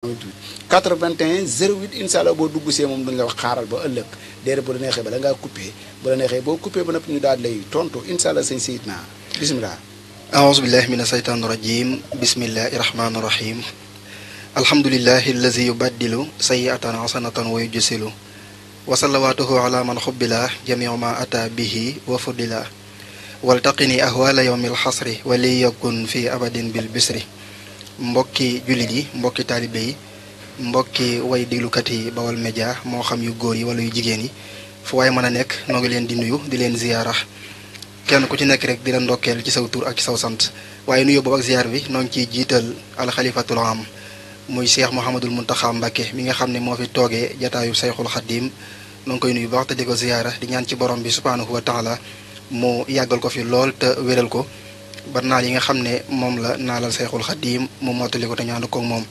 81 08 incha allah boo dugg see moom duñ la wax xaaral ba ëllëg déedéet bu la neexee bala ngaa coupé bu la neexee boo coupé ba noppi ñu daal lay tontu incha allah sëñ sayit naa bisimilah aouzu billahi min asaytaan rajim bismillahi rahmaani rahim alhamdulilahi allazi yubaddilu sayiatan hasanatan wa yujsilu wa salawaatuhu ala man xubbila jamiu ma ata bihi wa fuddila waltaqini ahwala yowmi alxasri wa li yakun fi abadin bi bisri mbokki jullit yi mbokki taalibe yi mbokki way diglukat yi Baol Média moo xam yu góor yi wala yu jigéen yi fu waaye mën a nekk noo ngi leen di nuyu di leen ziyaara kenn ku ci nekk rek di la ndokkeel ci saw tur ak ci saw sant waaye nuyu boobu ak ziyaar bi noo ngi ciy jiital alxalifatul am muy Cheikh Mouhamadul Mountakha Mbacké mi nga xam ne moo fi toogee jataayu Sayxul Xadim noo ngi koy nuyu baax te di ko ziyaara di ñaan ci borom bi subhanahu wa taala mu yàggal ko fi lool te wéral ko ba naal yi nga xam ne moom la naalal Seexul Xadiim mu mottali ko te ñu ànd koog moom.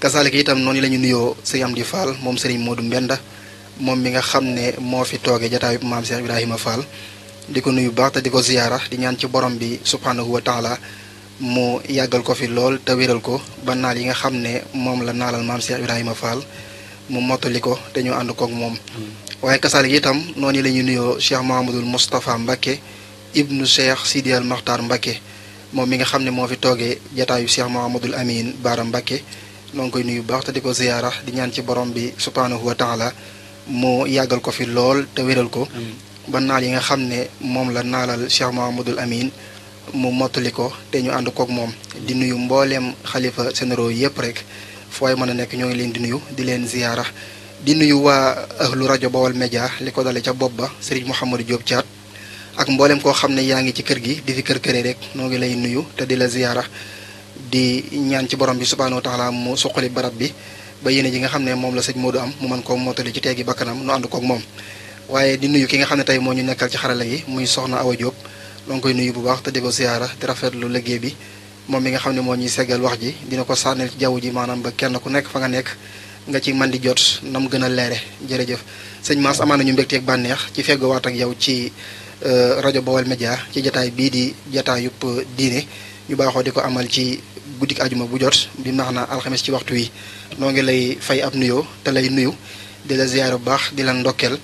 kasaalika itam noonu la ñu nuyoo sëñ Amdi Fall moom sëriñ Modou Mbenda moom mi nga xam ne moo fi toogee jataay bi maam Cheikh Ibrahima di ko nuyu baax te di ko ziyaara di ñaan ci borom bi subhaanahu wa taala mu yàggal ko fi lool te wéral ko ba naal yi nga xam ne moom la naalal maam Cheikh Ibrahima Fall mu mottali ko te ànd koog moom. Hmm. waaye kasaalika itam noonu la ñu nuyoo Cheikh Mahamadul Moustapha Mbacke. ibnu cheikh sidi al maxtar mbakke moom mi nga xam ne moo fi toogee jataayu cheikh mohamadul amin baara mbakke noo ngi koy nuyu baax te di ko ziyaara di ñaan ci borom bi subhanahu wa taala mu yàggal ko fi lool te wéral ko ba naal yi nga xam ne moom la naalal cheikh mohamadul amin mu mottali ko te ñu ànd kook moom di nuyu mbooleem xalifa sénéraux yëpp rek fooy mën a nekk ñoo ngi leen di nuyu di leen ziyaara di nuyu waa ahlu rajo Bawol Média li ko dale ca bopp ba Serigne Mouhamadou Diop Thiat ak mbooleem koo xam ne yaa ngi ci kër gi di fi kër këree rek noo ngi lay nuyu te di la ziyaara di ñaan ci borom bi subhaanahu tax laa mu suqali barab bi ba yéene ji nga xam ne moom la sëñ du am mu mën koo mottali ci teegi bakkanam nu ànd kook moom waaye di nuyu ki nga xam ne tey moo ñu nekkal ci xarala yi muy soxna Awa Diop loo ngi koy nuyu bu baax te di ko ziyaara te rafetlu liggéey bi moom mi nga xam ne moo ñuy seggal wax ji dina ko sànnel ci jaww ji maanaam ba kenn ku nekk fa nga nekk nga ci man di jot nam gën a leere jërëjëf sëñ Mass amaan nañu mbégteeg bànneex ci feggoowaat ak yow ci Euh, rajo Baol Média ci jataay bii di jataay jataayub diine ñu baaxoo di ko amal ci guddik ajuma bu jot bi max na alxames ci waxtu wi noo ngi lay fay ab nuyoo te lay nuyu di la ziyaar bu baax di la ndokkeel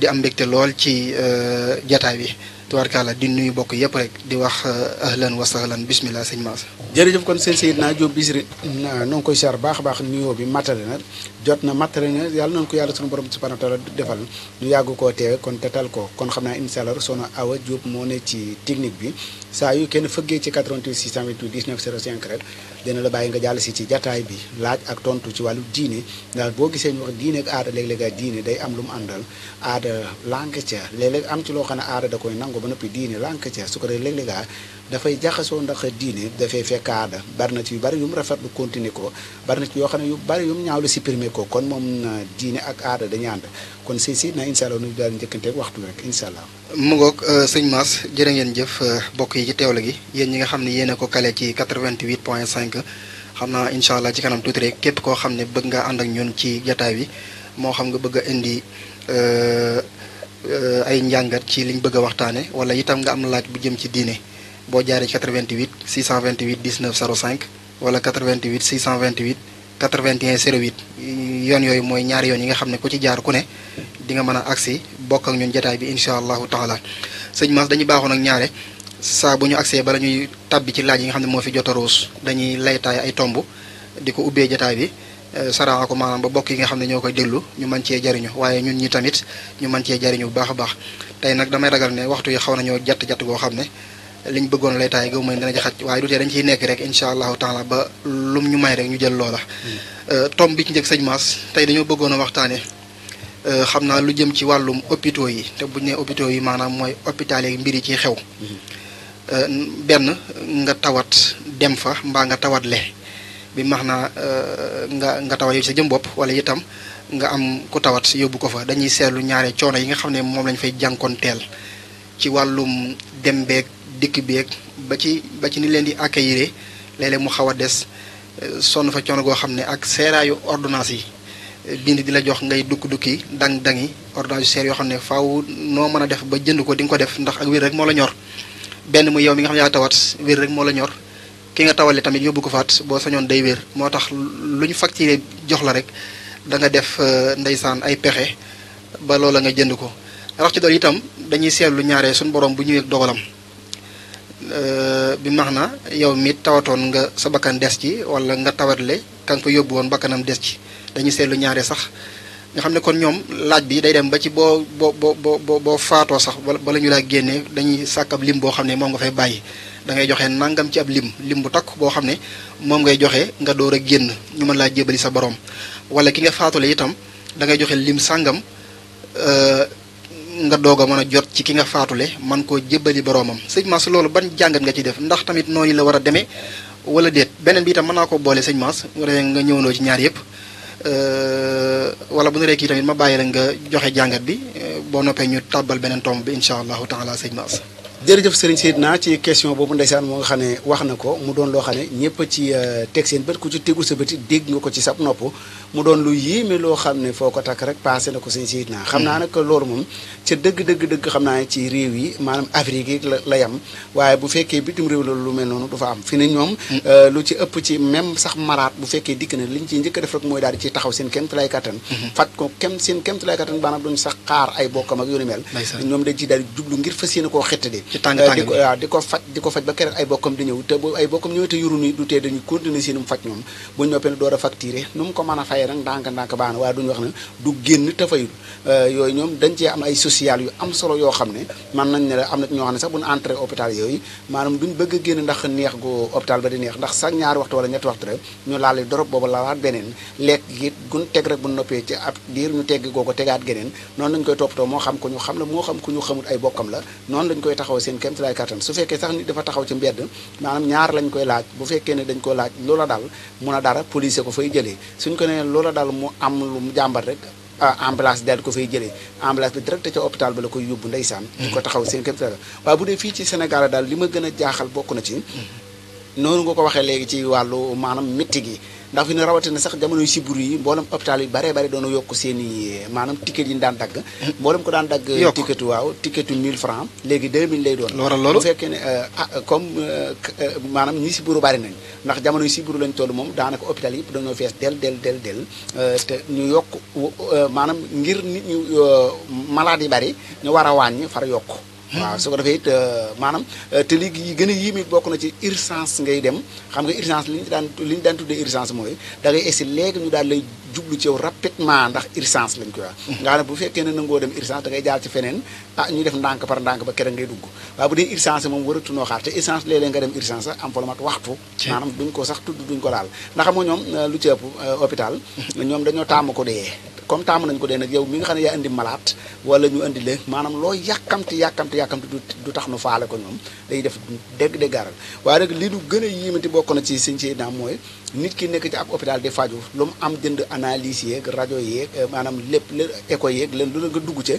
di am mbégte lool ci euh, jataay bi tubarkalla di nuyu bokk yëpp rek di wax eh, ahlan wa sahlan bismillah sëñ Mass jërëjëf kon sëñ Seydina Diop Bichri na ngi koy siyaar baax a baax nuyoo bi mattale na jot na mattale na yàlla nañu ko yàlla sunu borom subhanahu wa taala defal ñu yàgg koo teewe kon tetal ko kon xam naa incha allah soxna Awa Diop moo bi saa kenn fëggee ci 88 628 19 05 rek dina la bàyyi nga jàll si ci jataay bi laaj ak tontu ci wàllu diine ndax boo gisee ñu wax diine ak aada léeg-léeg diine day am lu mu àndal aada lànk ca léeg-léeg am ci loo xam ne aada da koy nangu ba noppi diine lànk ca su ko dee léeg-léeg dafay jaxasoo ndax diine dafay fekk aada bari na ci yu bari yu mu lu continuer ko bari na ci yoo xam ne yu bari yu mu ñaaw la supprimer ko kon moom ak aada dañuy ànd kon si si na incha allah nu daal njëkkanteeg waxtu rek incha allah. mu ngoog euh, sëñ Mass jërë ngeen jëf euh, bokk yi ci teewla gi yéen ñi nga xam ne yéen ko kale ci 88 point 5 xam naa incha allah ci kanam tuuti rek képp koo xam ne bëgg nga ànd ak ñun ci jataay bi moo xam nga bëgg indi. Euh, Euh, ay njàngat ci liñ bëgg a waxtaane wala itam nga am laaj bu jëm ci diine boo jaaree 88 628 19 05 wala 88 628 81 08 yoon yooyu mooy ñaari yoon yi nga xam ne ku ci jaar ku ne di nga mën a agsi bokk ak ñun jotaay bi incha allahu taala sëñ Mass dañuy baaxoon ak ñaare saa bu ñu agsee bala ñuy tàbbi ci laaj yi nga xam ne moo fi jot a ruus dañuy laytaay ay tomb di ko ubbee jotaay bi Eh, saraaxa ko maanaam ba bokk yi nga xam ne ñoo koy déglu ñu mën cee jariñu waaye ñun ñi tamit ñu mën cee jariñu bu baax a baax tey nag damay ragal ne waxtu yi xaw nañoo jatt-jatt goo xam ne liñ bëggoon lay taay gëw ma dana jaxaj waaye du tee dañ ciy nekk rek incha allahu ba lum ñu may rek ñu jël loola hmm. eh, tom bi ci njëkk sëñ Mass tey dañoo bëggoon a waxtaane eh, xam naa lu jëm ci wàllum hôpitaux yi te buñ ne hôpitaux yi maanaam mooy hôpital yi mbir yi ciy xew hmm. benn nga tawat dem fa mbaa nga tawat le bi max naa euh, nga nga tawa yow sa jëm bopp wala itam nga am ku tawat yóbbu ko fa dañuy seetlu ñaare coono yi nga xam ne moom lañ fay teel ci wàllum dem beeg dikk beeg ba ci ba ci ni leen di accueillir léeg-léeg mu xaw a des euh, sonn fa coono goo xam ne ak seeraayu ordonnance yi euh, bind di la jox ngay dukk-dukki dang-dangi ordonnance yu seer yoo xam ne faw noo mën a def ba jënd ko di nga ko def ndax ak wér rek moo la ñor benn mu yow mi nga xam ne yaa tawat rek moo la ñor ki nga tawale tamit yóbbu ko faat boo sañoon day wér moo tax lu ñu facturé jox la rek da nga def euh, ndeysaan ay pexe ba loola nga jënd ko rax ci dool itam dañuy seetlu ñaaree suñu borom bu ñëwee dogalam euh, bi max na yow mi tawatoon nga sa bakkan ci wala nga tawatle ka nga ko yóbbu woon bakkanam des ci dañuy seetlu ñaaree sax nga xam ne kon ñoom laaj bi day dem ba ci boo boo boo boo boo faatoo sax bala ñu laa génnee dañuy sàkkab lim boo xam ne moom nga fay bàyyi da ngay joxe nàngam ci ab lim lim bu takk boo xam ne moom ngay joxe nga door a génn ñu mën laa jébali sa borom wala ki nga faatule itam da ngay joxe lim sàngam euh, nga doog a mën a jot ci ki nga faatule man koo jébali boroomam sëñ Mass loolu ban jàngat nga ci def ndax tamit noonu la war a demee wala déet beneen bi itam mën naa ko boole sëñ Mass waree nga ñëwandoo ci ñaar yëpp euh, wala bu ñu rekk yi tamit ma bàyyi la nga joxe jàngat bi euh, boo noppee ñu tàbbal beneen tomb bi incha allahu taala sëñ Mass jërëjëf Serigne Seydina ci question boobu ndeysaan moo nga xam ne wax na ko mu doon loo xam ne ñëpp ci euh, teg seen bët ku ci tegul sa bëti dégg nga ko ci sab nopp mu doon lu yéeme loo xam ne foo ko takk rek passé na ko Serigne Seydina xam naa mm. nag loolu moom ca dëgg dëgg dëgg xam naa ci réew yi maanaam Afrique yi la yam waaye bu fekkee bitim réew la lu mel noonu du fa am fi ne ñoom mm. euh, lu ci ëpp ci même sax maraat bu fekkee dikk na liñ ciy njëkk a def rek mooy daal di ci taxaw seen kem lay kattan mm-hmm. faj ko kem seen kem lay kattan baanaam duñ sax xaar ay bokkam ak yoonu mel ñoom dañ ci daal di jublu ngir fas yéene koo xettali ci tàng tàng eh, ah, di ko faj di ko faj ba keroog ay bokkam di ñëw te bu ay bokkam ñëwee te yuruñu du tee dañu continuer seenum faj ñoom buñ noppee ne door a facturer nu mu ko mën a fayee nag ndànk ndànk baax na waaye duñu wax du génn eh, yooyu ñoom dañ cee am ay social yu am solo yoo xam ne man nañ ne am na ñoo xam ne sax buñ entré hôpital yooyu maanaam duñ bëgg a génn ndax neex gu hôpital ba di neex ndax sax ñaari waxtu wala ñetti waxtu rek ñu laal dorop boobu laalaat beneen lekk gi gun teg rek bu noppee ci ab diir ñu tegg goo ko tegaat geneen noonu lañ koy toppatoo moo xam ku ñu xam la moo xam ku ñu xamul ay bokkam la noonu lañ koy taxaw seen kéemtalaay kàttan su fekkee sax nit dafa taxaw ci mbedd maanaam ñaar lañ koy laaj bu fekkee ne dañ ko laaj loola daal mun a dara police ko fay jëlee suñ ko nee loola daal mu am lu mu jàmbat rek ah, ambulance daal di ko fay jëlee ambulance bi direct ca hôpital ba la koy yóbbu ndeysaan di ko taxaw seen kéemtalaay waaye bu dee fii ci Sénégal daal li ma gën a jaaxal bokk na ci noonu nga ko waxee léegi ci wàllu maanaam métti gi ndax fi ne rawatina sax jamono siburu yi mboolem hôpital yi bare bare doona yokk seen i eh, maanaam yi ñu daan dagg mboolem ko daan dagg eh, ticket waaw ticket 1000 francs léegi 2000 lay doon lu loolu bu fekkee ne eh, ah comme maanaam ñi siburu bari nañ ndax jamono siburu lañ toll moom daanaka hôpital yëpp dañoo fees del del del te ñu yokk maanaam ngir nit ñu malaad yi bari ñu war a wàññi far yokk waaw soo ko defee it euh, maanaam euh, te li gën a yéeme bokk na ci urgence ngay dem xam nga urgence li daan li ñu daan tuddee urgence mooy da ngay essayer léegi ñu daal lay jublu ci yow rapidement ndax urgence lañ koy wax mm-hmm. nga ne bu fekkee ne nangoo dem urgence da ngay jaar ci feneen ah ñu def ndànk par ndànk ba keroog ngay dugg waaye bu dee urgence moom waratunoo xaar te urgence léeg-léeg nga dem urgence sax am fa waxtu maanaam duñ ko sax tudd duñ ko daal ndax xam ñoom euh, lu ci ëpp mm-hmm. ñoom dañoo tàmm ko dee comme taamu nañ ko dee nag yow mi nga xam ne yaa indi malaat wala ñu indi leen maanaam loo yàkkamti yàkkamti yàkkamti du tax nu faale ko ñoom day def dégg déggaaral waaye rek li nu gën a yéemati bokk na ci siñ ci daam mooy nit ki nekk ci ab hôpital di faju lu mu am jënd analyse yeeg rajo yeeg eh, maanaam lépp la éco yeeg leen lu la dugg ci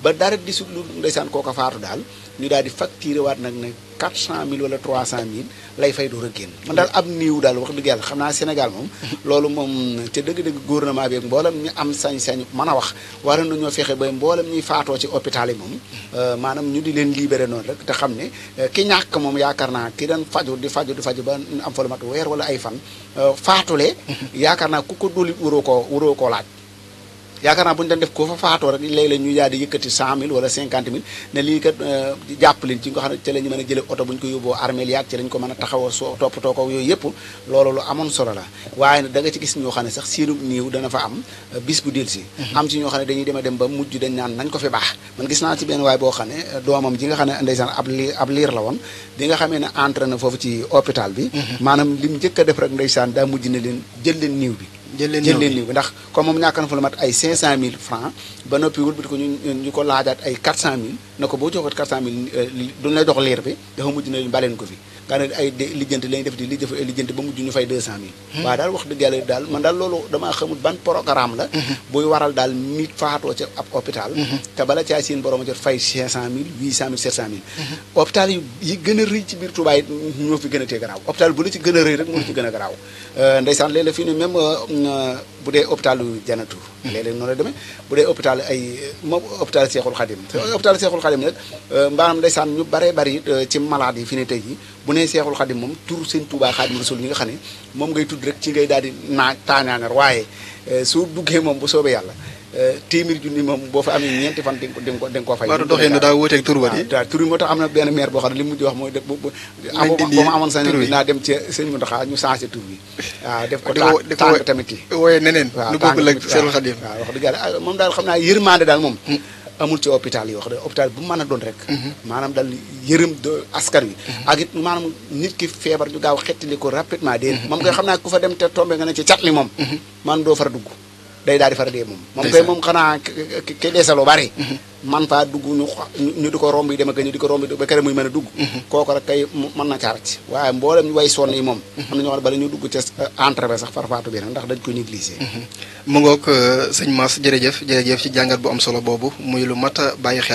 ba dara di su lu ndeysaan kooka faatu daal ñu daal di facturé waat nag ne 400000 wala 300000 lay fay door a génn. man daal ab niiw daal wax dëgg yàlla xam naa Sénégal moom. loolu moom te dëgg-dëgg gouvernement bi ak ñu am sañ-sañ mën a wax war nañoo fexe ba mboolem ñuy faatoo ci hôpital yi moom. Eh, maanaam ñu di leen libéré noonu rek te xam ne eh, ki ñàkk moom yaakaar naa ki daan faju di faju di faju ba am fa lu weer wala ay fan. faatule yaakaar naa ku ko dóolit waroo koo waroo koo laaj yaakaar naa bu ñu daan def ko fa faatoo rek léeg-léeg ñu yaa di yëkkati cent mille wala cinquante mille ne lii kat euh, jàpp leen ci nga xam ne ci la mën a jële oto bu ko yóbboo armeel yaag ci lañ ko mën a taxawoo soo toppatoo ko yooyu yëpp loolu lu amoon solo la waaye nag da nga ci gis ñoo xam ne sax seenu niiw dana fa am euh, bis bu si mhm. am ci ñoo xam ne dañuy dem a dem ba mujj dañ naan nañ ko fi baax man gis naa ci benn waay boo xam ne euh, doomam ji nga xam ne ndeysaan ab li liir la woon bi nga xamee ne na foofu ci hôpital bi mhm. maanaam lim njëkk def rek ndeysaan daa mujj ne leen jël leen niiw bi jël leen jël leen néew bi ndax comme moom ñàkk na fu la mat ay 500000 francs ba noppi wul bi ko ñu ñu ko laajaat ay 400000 na ko boo joxoot 400000 euh, duñ lay dox liir bi dafa mujj na baleen ko fi nga ne ay lijjanti lañu def di li def lijjanti ba mujj ñu fay deux cent mille waaye daal wax dëgg daal man daal loolu damaa xamul ban programme la mhm. buy waral daal nit faatoo ca ab hôpital mhm. te bala caa seen borom a fay cinq cent mille huit cent mille sept cent mille mhm. hôpital yi gën a rëy ci biir Touba ñoo fi gën a tee garaaw hôpital bu ci gën a rëy rek moo la ci gën a garaaw ndeysaan léeg-léeg fii ne même euh, euh, bu dee hôpitalu janatu léeg-léeg noonu la demee bu dee hôpital ay moom hôpital Seexul Xadim hmm. hôpital Seexul Xadim nag euh, mbaanaam ndeysaan ñu baree bari euh, ci malade yi fi ne tey jii bu nee Seexul Xadim moom tur seen Tuubaa Xaadimu Rasuul ñi nga xam ne moom ngay tudd rek ci ngay daal di naa waaye euh, su duggee moom bu soobee yàlla téeméer junni moom boo fa amee ñeenti fan di nga ko di nga ko di nga ko fay. doxee na daa wuuteeg tur tax am na benn maire boo xam naa yërmande daal moom. Hmm. amul ci hôpital yi hôpital bu mu mën a doon rek. Hmm. maanaam daal yërëm askan wi. Hmm. ak it maanaam nit ki feebar ñu gaaw xettali ko rapidement. dee moom nga xam naa ku fa dem te tombé nga ne ci cat li moom. man doo far dugg day daal di fara dee moom moom kay moom xanaa ke deesaloo bari mhm. man faa dugg ñu di ko romb yi dem ak ñu di ko romb ba kër muy mën a dugg mhm. kooku rek kay mën na caarac waaye mboolem way sonn yi moom mhm. am na ñoo xam ne ñu dugg ca euh, entre ba sax farfaatu bi ndax dañ ko négliger mu ngoog euh, sëñ Mass jërëjëf jërëjëf ci jàngat bu am solo boobu muy lu mat a bàyyi xel